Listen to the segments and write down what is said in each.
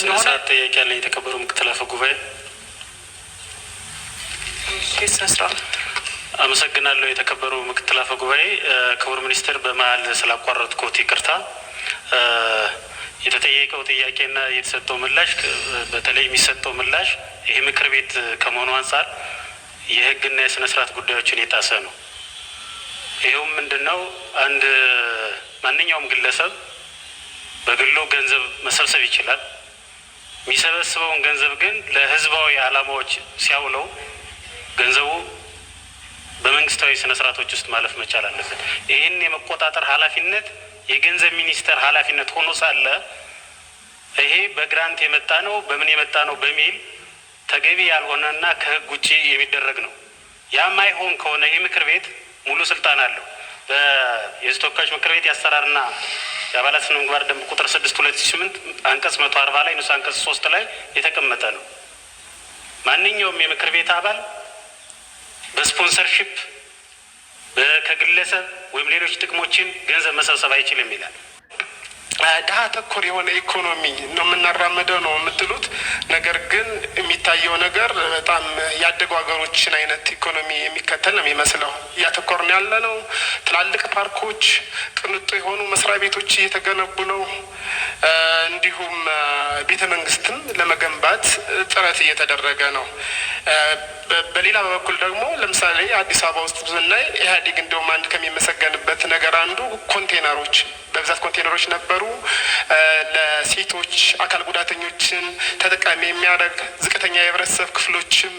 ስነስርዓት ጥያቄ አለ የተከበሩ ምክትል አፈ ጉባኤ አመሰግናለሁ። የተከበሩ ምክትል አፈ ጉባኤ፣ ክቡር ሚኒስትር በመሀል ስላቋረጥኩት ይቅርታ። የተጠየቀው ጥያቄና የተሰጠው ምላሽ በተለይ የሚሰጠው ምላሽ ይህ ምክር ቤት ከመሆኑ አንጻር የህግና የስነ ስርዓት ጉዳዮችን የጣሰ ነው። ይኸውም ምንድን ነው? አንድ ማንኛውም ግለሰብ በግሎ ገንዘብ መሰብሰብ ይችላል። የሚሰበስበውን ገንዘብ ግን ለህዝባዊ አላማዎች ሲያውለው ገንዘቡ በመንግስታዊ ስነ ስርዓቶች ውስጥ ማለፍ መቻል አለበት። ይህን የመቆጣጠር ኃላፊነት የገንዘብ ሚኒስቴር ኃላፊነት ሆኖ ሳለ ይሄ በግራንት የመጣ ነው በምን የመጣ ነው በሚል ተገቢ ያልሆነና ከህግ ውጭ የሚደረግ ነው። ያም አይሆን ከሆነ ይህ ምክር ቤት ሙሉ ስልጣን አለው። በየህዝብ ምክር ቤት የአሰራርና የአባላት ስነ ምግባር ደንብ ቁጥር ስድስት ሁለት ስምንት አንቀጽ መቶ አርባ ላይ ንዑስ አንቀጽ ሶስት ላይ የተቀመጠ ነው። ማንኛውም የምክር ቤት አባል በስፖንሰርሺፕ ከግለሰብ ወይም ሌሎች ጥቅሞችን ገንዘብ መሰብሰብ አይችልም ይላል። ድሀ ተኮር የሆነ ኢኮኖሚ ነው የምናራምደው ነው የምትሉት። ነገር ግን የሚታየው ነገር በጣም ያደጉ ሀገሮችን አይነት ኢኮኖሚ የሚከተል ነው የሚመስለው። እያተኮር ያለ ነው። ትላልቅ ፓርኮች፣ ቅንጡ የሆኑ መስሪያ ቤቶች እየተገነቡ ነው። እንዲሁም ቤተ መንግስትም ለመገንባት ጥረት እየተደረገ ነው። በሌላ በኩል ደግሞ ለምሳሌ አዲስ አበባ ውስጥ ብናይ ኢህአዴግ እንደውም አንድ ከሚመሰገንበት ነገር አንዱ ኮንቴነሮች በብዛት ኮንቴነሮች ነበሩ። ለሴቶች አካል ጉዳተኞችን ተጠቃሚ የሚያደርግ ዝቅተኛ የህብረተሰብ ክፍሎችም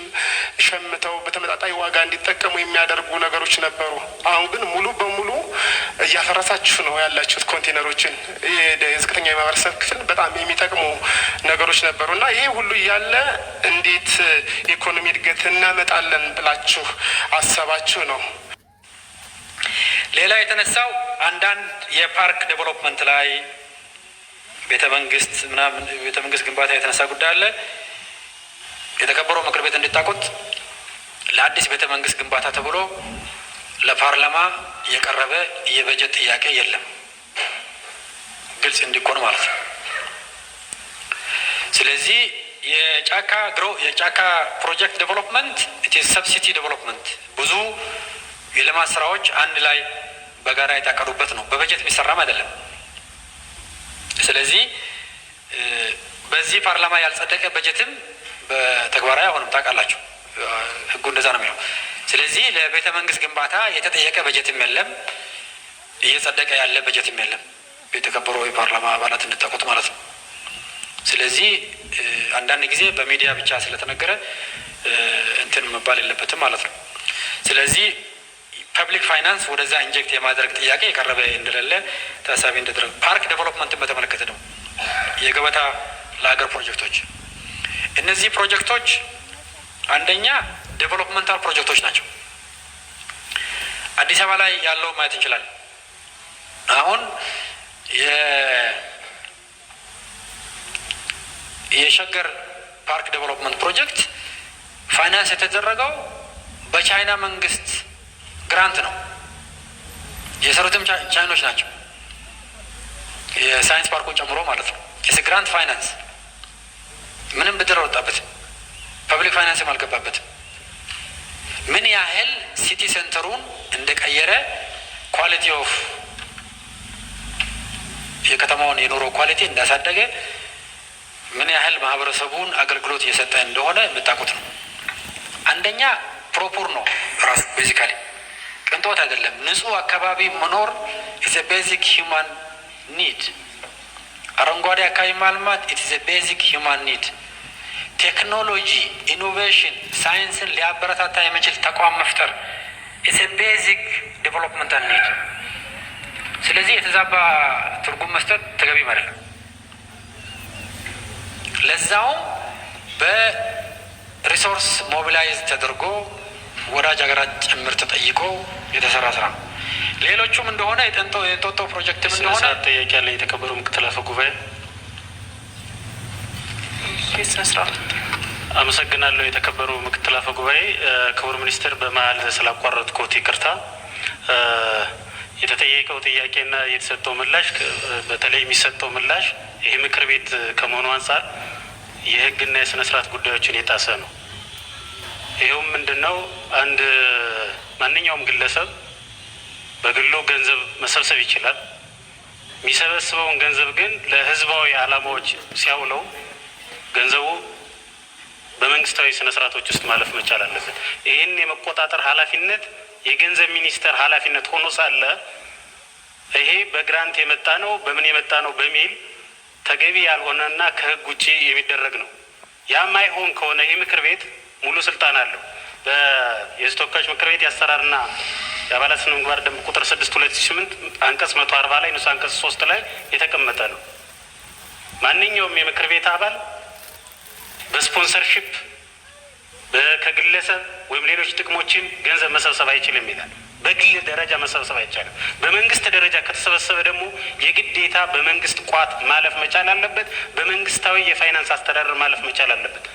ሸምተው በተመጣጣኝ ዋጋ እንዲጠቀሙ የሚያደርጉ ነገሮች ነበሩ። አሁን ግን ሙሉ በሙሉ እያፈረሳችሁ ነው ያላችሁት ኮንቴነሮችን። የዝቅተኛ የማህበረሰብ ክፍል በጣም የሚጠቅሙ ነገሮች ነበሩ እና ይሄ ሁሉ እያለ እንዴት የኢኮኖሚ እድገት እናመጣለን ብላችሁ አሰባችሁ ነው ሌላ የተነሳው አንዳንድ የፓርክ ዴቨሎፕመንት ላይ ቤተ መንግስት ምናምን ቤተ መንግስት ግንባታ የተነሳ ጉዳይ አለ። የተከበረው ምክር ቤት እንዲታቁት ለአዲስ ቤተ መንግስት ግንባታ ተብሎ ለፓርላማ የቀረበ የበጀት ጥያቄ የለም። ግልጽ እንዲኮን ማለት ነው። ስለዚህ የጫካ ድሮ የጫካ ፕሮጀክት ዴቨሎፕመንት ኢትስ ሰብሲቲ ዴቨሎፕመንት ብዙ የልማት ስራዎች አንድ ላይ በጋራ የታቀዱበት ነው። በበጀት የሚሰራም አይደለም። ስለዚህ በዚህ ፓርላማ ያልጸደቀ በጀትም በተግባራዊ አሁንም ታውቃላችሁ፣ ህጉ እንደዛ ነው የሚለው። ስለዚህ ለቤተ መንግስት ግንባታ የተጠየቀ በጀትም የለም፣ እየጸደቀ ያለ በጀትም የለም። የተከበሩ የፓርላማ አባላት እንድታውቁት ማለት ነው። ስለዚህ አንዳንድ ጊዜ በሚዲያ ብቻ ስለተነገረ እንትን መባል የለበትም ማለት ነው። ስለዚህ ፐብሊክ ፋይናንስ ወደዛ ኢንጀክት የማድረግ ጥያቄ የቀረበ እንደሌለ ታሳቢ እንዲደረግ። ፓርክ ዴቨሎፕመንትን በተመለከተ ነው የገበታ ለሀገር ፕሮጀክቶች። እነዚህ ፕሮጀክቶች አንደኛ ዴቨሎፕመንታል ፕሮጀክቶች ናቸው። አዲስ አበባ ላይ ያለው ማየት እንችላለን። አሁን የሸገር ፓርክ ዴቨሎፕመንት ፕሮጀክት ፋይናንስ የተደረገው በቻይና መንግስት ግራንት ነው የሰሩትም ቻይኖች ናቸው። የሳይንስ ፓርኩን ጨምሮ ማለት ነው። ስ ግራንት ፋይናንስ ምንም ብድር አልወጣበትም። ፐብሊክ ፋይናንስም አልገባበትም። ምን ያህል ሲቲ ሴንተሩን እንደቀየረ ኳሊቲ ኦፍ የከተማውን የኑሮ ኳሊቲ እንዳሳደገ ምን ያህል ማህበረሰቡን አገልግሎት እየሰጠ እንደሆነ የምታውቁት ነው። አንደኛ ፕሮፑር ነው ራሱ ቤዚካሊ ፍቶት አይደለም። ንጹህ አካባቢ መኖር ኢዝ ቤዚክ ሂውማን ኒድ። አረንጓዴ አካባቢ ማልማት ኢዝ ቤዚክ ሂውማን ኒድ። ቴክኖሎጂ፣ ኢኖቬሽን፣ ሳይንስን ሊያበረታታ የሚችል ተቋም መፍጠር ኢዝ ቤዚክ ዴቨሎፕመንት ኒድ። ስለዚህ የተዛባ ትርጉም መስጠት ተገቢ አይደለም። ለዛውም በሪሶርስ ሞቢላይዝ ተደርጎ ወዳጅ ሀገራት ጭምር ተጠይቆ የተሰራ ስራ ነው። ሌሎቹም እንደሆነ የጦጦ ፕሮጀክትም እንደሆነ ጥያቄ ያለ የተከበሩ ምክትል አፈ ጉባኤ አመሰግናለሁ። የተከበሩ ምክትል አፈ ጉባኤ፣ ክቡር ሚኒስትር በመሀል ስላቋረጥኩት ይቅርታ። የተጠየቀው ጥያቄና የተሰጠው ምላሽ በተለይ የሚሰጠው ምላሽ ይህ ምክር ቤት ከመሆኑ አንጻር የህግና የስነስርዓት ጉዳዮችን የጣሰ ነው። ይኸውም ምንድን ነው? አንድ ማንኛውም ግለሰብ በግሎ ገንዘብ መሰብሰብ ይችላል። የሚሰበስበውን ገንዘብ ግን ለህዝባዊ ዓላማዎች ሲያውለው ገንዘቡ በመንግስታዊ ስነስርዓቶች ውስጥ ማለፍ መቻል አለበት። ይህን የመቆጣጠር ኃላፊነት የገንዘብ ሚኒስቴር ኃላፊነት ሆኖ ሳለ ይሄ በግራንት የመጣ ነው በምን የመጣ ነው በሚል ተገቢ ያልሆነና ከህግ ውጭ የሚደረግ ነው። ያማይሆን ከሆነ ይህ ምክር ቤት ሙሉ ስልጣን አለው። የህዝብ ተወካዮች ምክር ቤት የአሰራርና የአባላት ስነ ምግባር ደንብ ቁጥር ስድስት ሁለት ሺ ስምንት አንቀጽ መቶ አርባ ላይ ንዑስ አንቀጽ ሶስት ላይ የተቀመጠ ነው። ማንኛውም የምክር ቤት አባል በስፖንሰርሽፕ ከግለሰብ ወይም ሌሎች ጥቅሞችን ገንዘብ መሰብሰብ አይችልም ይላል። በግል ደረጃ መሰብሰብ አይቻልም። በመንግስት ደረጃ ከተሰበሰበ ደግሞ የግዴታ በመንግስት ቋት ማለፍ መቻል አለበት። በመንግስታዊ የፋይናንስ አስተዳደር ማለፍ መቻል አለበት።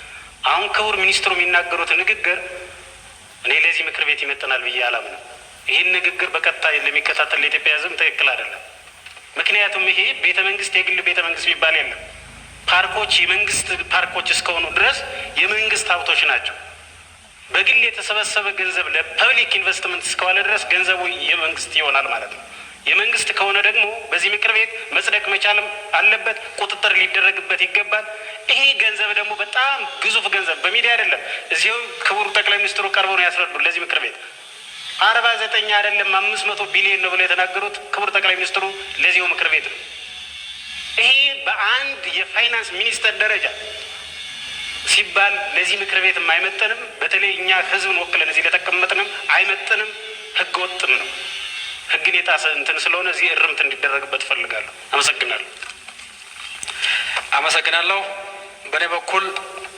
አሁን ክቡር ሚኒስትሩ የሚናገሩት ንግግር እኔ ለዚህ ምክር ቤት ይመጥናል ብዬ አላምንም። ይህን ንግግር በቀጥታ ለሚከታተል ለኢትዮጵያ ህዝብ ትክክል አይደለም። ምክንያቱም ይሄ ቤተ መንግስት የግል ቤተ መንግስት የሚባል የለም። ፓርኮች የመንግስት ፓርኮች እስከሆኑ ድረስ የመንግስት ሀብቶች ናቸው። በግል የተሰበሰበ ገንዘብ ለፐብሊክ ኢንቨስትመንት እስከዋለ ድረስ ገንዘቡ የመንግስት ይሆናል ማለት ነው። የመንግስት ከሆነ ደግሞ በዚህ ምክር ቤት መጽደቅ መቻልም አለበት፣ ቁጥጥር ሊደረግበት ይገባል። ይሄ ገንዘብ ደግሞ በጣም ግዙፍ ገንዘብ በሚዲያ አይደለም፣ እዚሁ ክቡር ጠቅላይ ሚኒስትሩ ቀርበው ነው ያስረዱ ለዚህ ምክር ቤት አርባ ዘጠኝ አይደለም አምስት መቶ ቢሊዮን ነው ብለው የተናገሩት ክቡር ጠቅላይ ሚኒስትሩ ለዚሁ ምክር ቤት ነው። ይሄ በአንድ የፋይናንስ ሚኒስተር ደረጃ ሲባል ለዚህ ምክር ቤትም አይመጥንም። በተለይ እኛ ህዝብን ወክለን እዚህ ለተቀመጥንም አይመጥንም፣ ህገወጥም ነው። ህግን የጣሰ እንትን ስለሆነ እዚህ እርምት እንዲደረግበት እፈልጋለሁ። አመሰግናለሁ። አመሰግናለሁ። በእኔ በኩል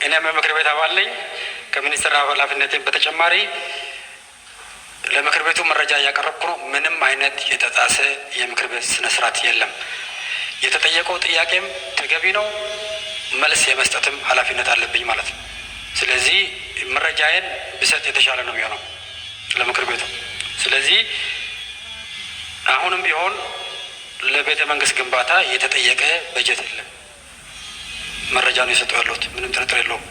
እኔም የምክር ቤት አባል ነኝ። ከሚኒስትር ኃላፊነት በተጨማሪ ለምክር ቤቱ መረጃ እያቀረብኩ ነው። ምንም አይነት የተጣሰ የምክር ቤት ስነስርዓት የለም። የተጠየቀው ጥያቄም ተገቢ ነው። መልስ የመስጠትም ኃላፊነት አለብኝ ማለት ነው። ስለዚህ መረጃዬን ብሰጥ የተሻለ ነው የሚሆነው ለምክር ቤቱ ስለዚህ አሁንም ቢሆን ለቤተ መንግስት ግንባታ የተጠየቀ በጀት የለም። መረጃ ነው የሰጡ ያለት። ምንም ጥርጥር የለውም።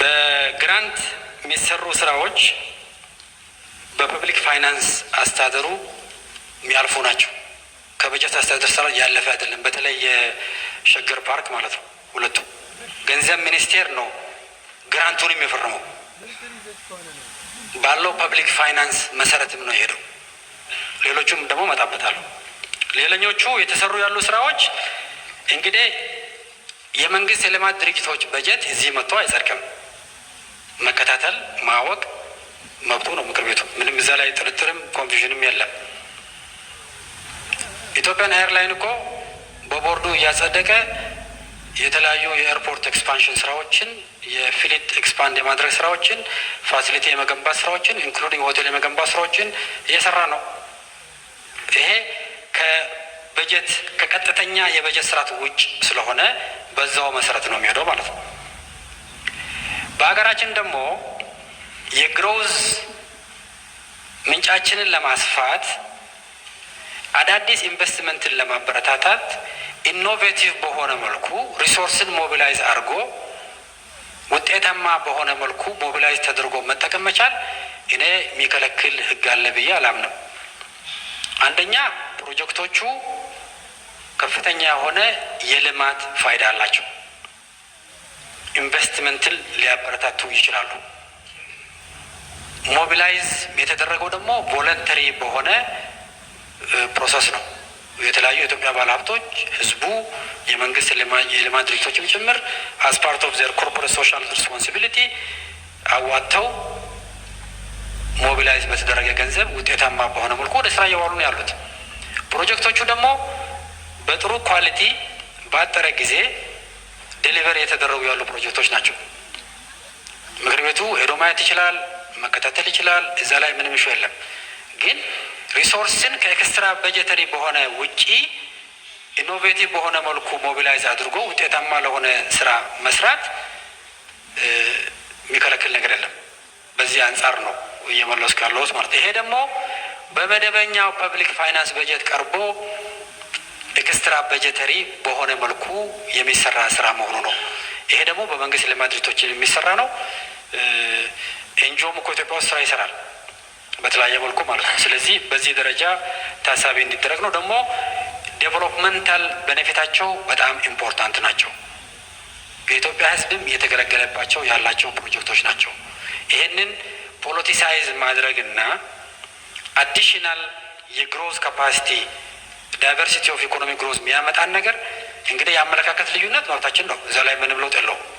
በግራንት የሚሰሩ ስራዎች በፐብሊክ ፋይናንስ አስተዳደሩ የሚያልፉ ናቸው። ከበጀት አስተዳደር ስራ ያለፈ አይደለም። በተለይ የሸገር ፓርክ ማለት ነው። ሁለቱ ገንዘብ ሚኒስቴር ነው ግራንቱን የሚፈርመው ባለው ፐብሊክ ፋይናንስ መሰረትም ነው የሄደው። ሌሎቹም ደግሞ እመጣበታለሁ። ሌላኞቹ የተሰሩ ያሉ ስራዎች እንግዲህ የመንግስት የልማት ድርጅቶች በጀት እዚህ መጥቶ አይጸድቅም። መከታተል ማወቅ መብቱ ነው ምክር ቤቱ። ምንም እዛ ላይ ጥርጥርም ኮንፊዥንም የለም። ኢትዮጵያን ኤርላይን እኮ በቦርዱ እያጸደቀ የተለያዩ የኤርፖርት ኤክስፓንሽን ስራዎችን፣ የፊሊት ኤክስፓንድ የማድረግ ስራዎችን፣ ፋሲሊቲ የመገንባት ስራዎችን፣ ኢንክሉዲንግ ሆቴል የመገንባት ስራዎችን እየሰራ ነው። ይሄ ከበጀት ከቀጥተኛ የበጀት ስርዓት ውጭ ስለሆነ በዛው መሰረት ነው የሚሄደው ማለት ነው። በሀገራችን ደግሞ የግሮዝ ምንጫችንን ለማስፋት አዳዲስ ኢንቨስትመንትን ለማበረታታት ኢኖቬቲቭ በሆነ መልኩ ሪሶርስን ሞቢላይዝ አድርጎ ውጤታማ በሆነ መልኩ ሞቢላይዝ ተደርጎ መጠቀም መቻል እኔ የሚከለክል ህግ አለ ብዬ አላምንም። አንደኛ ፕሮጀክቶቹ ከፍተኛ የሆነ የልማት ፋይዳ አላቸው። ኢንቨስትመንትን ሊያበረታቱ ይችላሉ። ሞቢላይዝ የተደረገው ደግሞ ቮለንተሪ በሆነ ፕሮሰስ ነው። የተለያዩ የኢትዮጵያ ባለሀብቶች፣ ህዝቡ፣ የመንግስት የልማት ድርጅቶችም ጭምር አስፓርት ኦፍ ዘር ኮርፖሬት ሶሻል ሪስፖንሲቢሊቲ አዋጥተው ሞቢላይዝ በተደረገ ገንዘብ ውጤታማ በሆነ መልኩ ወደ ስራ እየዋሉ ነው ያሉት። ፕሮጀክቶቹ ደግሞ በጥሩ ኳሊቲ ባጠረ ጊዜ ዴሊቨር የተደረጉ ያሉ ፕሮጀክቶች ናቸው። ምክር ቤቱ ሄዶ ማየት ይችላል፣ መከታተል ይችላል። እዛ ላይ ምንም ሹ የለም። ግን ሪሶርስን ከኤክስትራ በጀተሪ በሆነ ውጪ ኢኖቬቲቭ በሆነ መልኩ ሞቢላይዝ አድርጎ ውጤታማ ለሆነ ስራ መስራት የሚከለክል ነገር የለም። በዚህ አንጻር ነው እየመለስኩ ያለሁት ማለት ይሄ ደግሞ በመደበኛው ፐብሊክ ፋይናንስ በጀት ቀርቦ ኤክስትራ በጀተሪ በሆነ መልኩ የሚሰራ ስራ መሆኑ ነው። ይሄ ደግሞ በመንግስት ልማት ድርጅቶች የሚሰራ ነው። ኤንጂኦም እኮ ኢትዮጵያ ውስጥ ስራ ይሰራል በተለያየ መልኩ ማለት ነው። ስለዚህ በዚህ ደረጃ ታሳቢ እንዲደረግ ነው። ደግሞ ዴቨሎፕመንታል በነፊታቸው በጣም ኢምፖርታንት ናቸው። የኢትዮጵያ ሕዝብም እየተገለገለባቸው ያላቸው ፕሮጀክቶች ናቸው። ይሄንን ፖለቲሳይዝ ማድረግ እና አዲሽናል የግሮዝ ካፓሲቲ ዳይቨርሲቲ ኦፍ ኢኮኖሚ ግሮዝ የሚያመጣን ነገር እንግዲህ የአመለካከት ልዩነት መብታችን ነው። እዛ ላይ ምንም ለውጥ የለውም።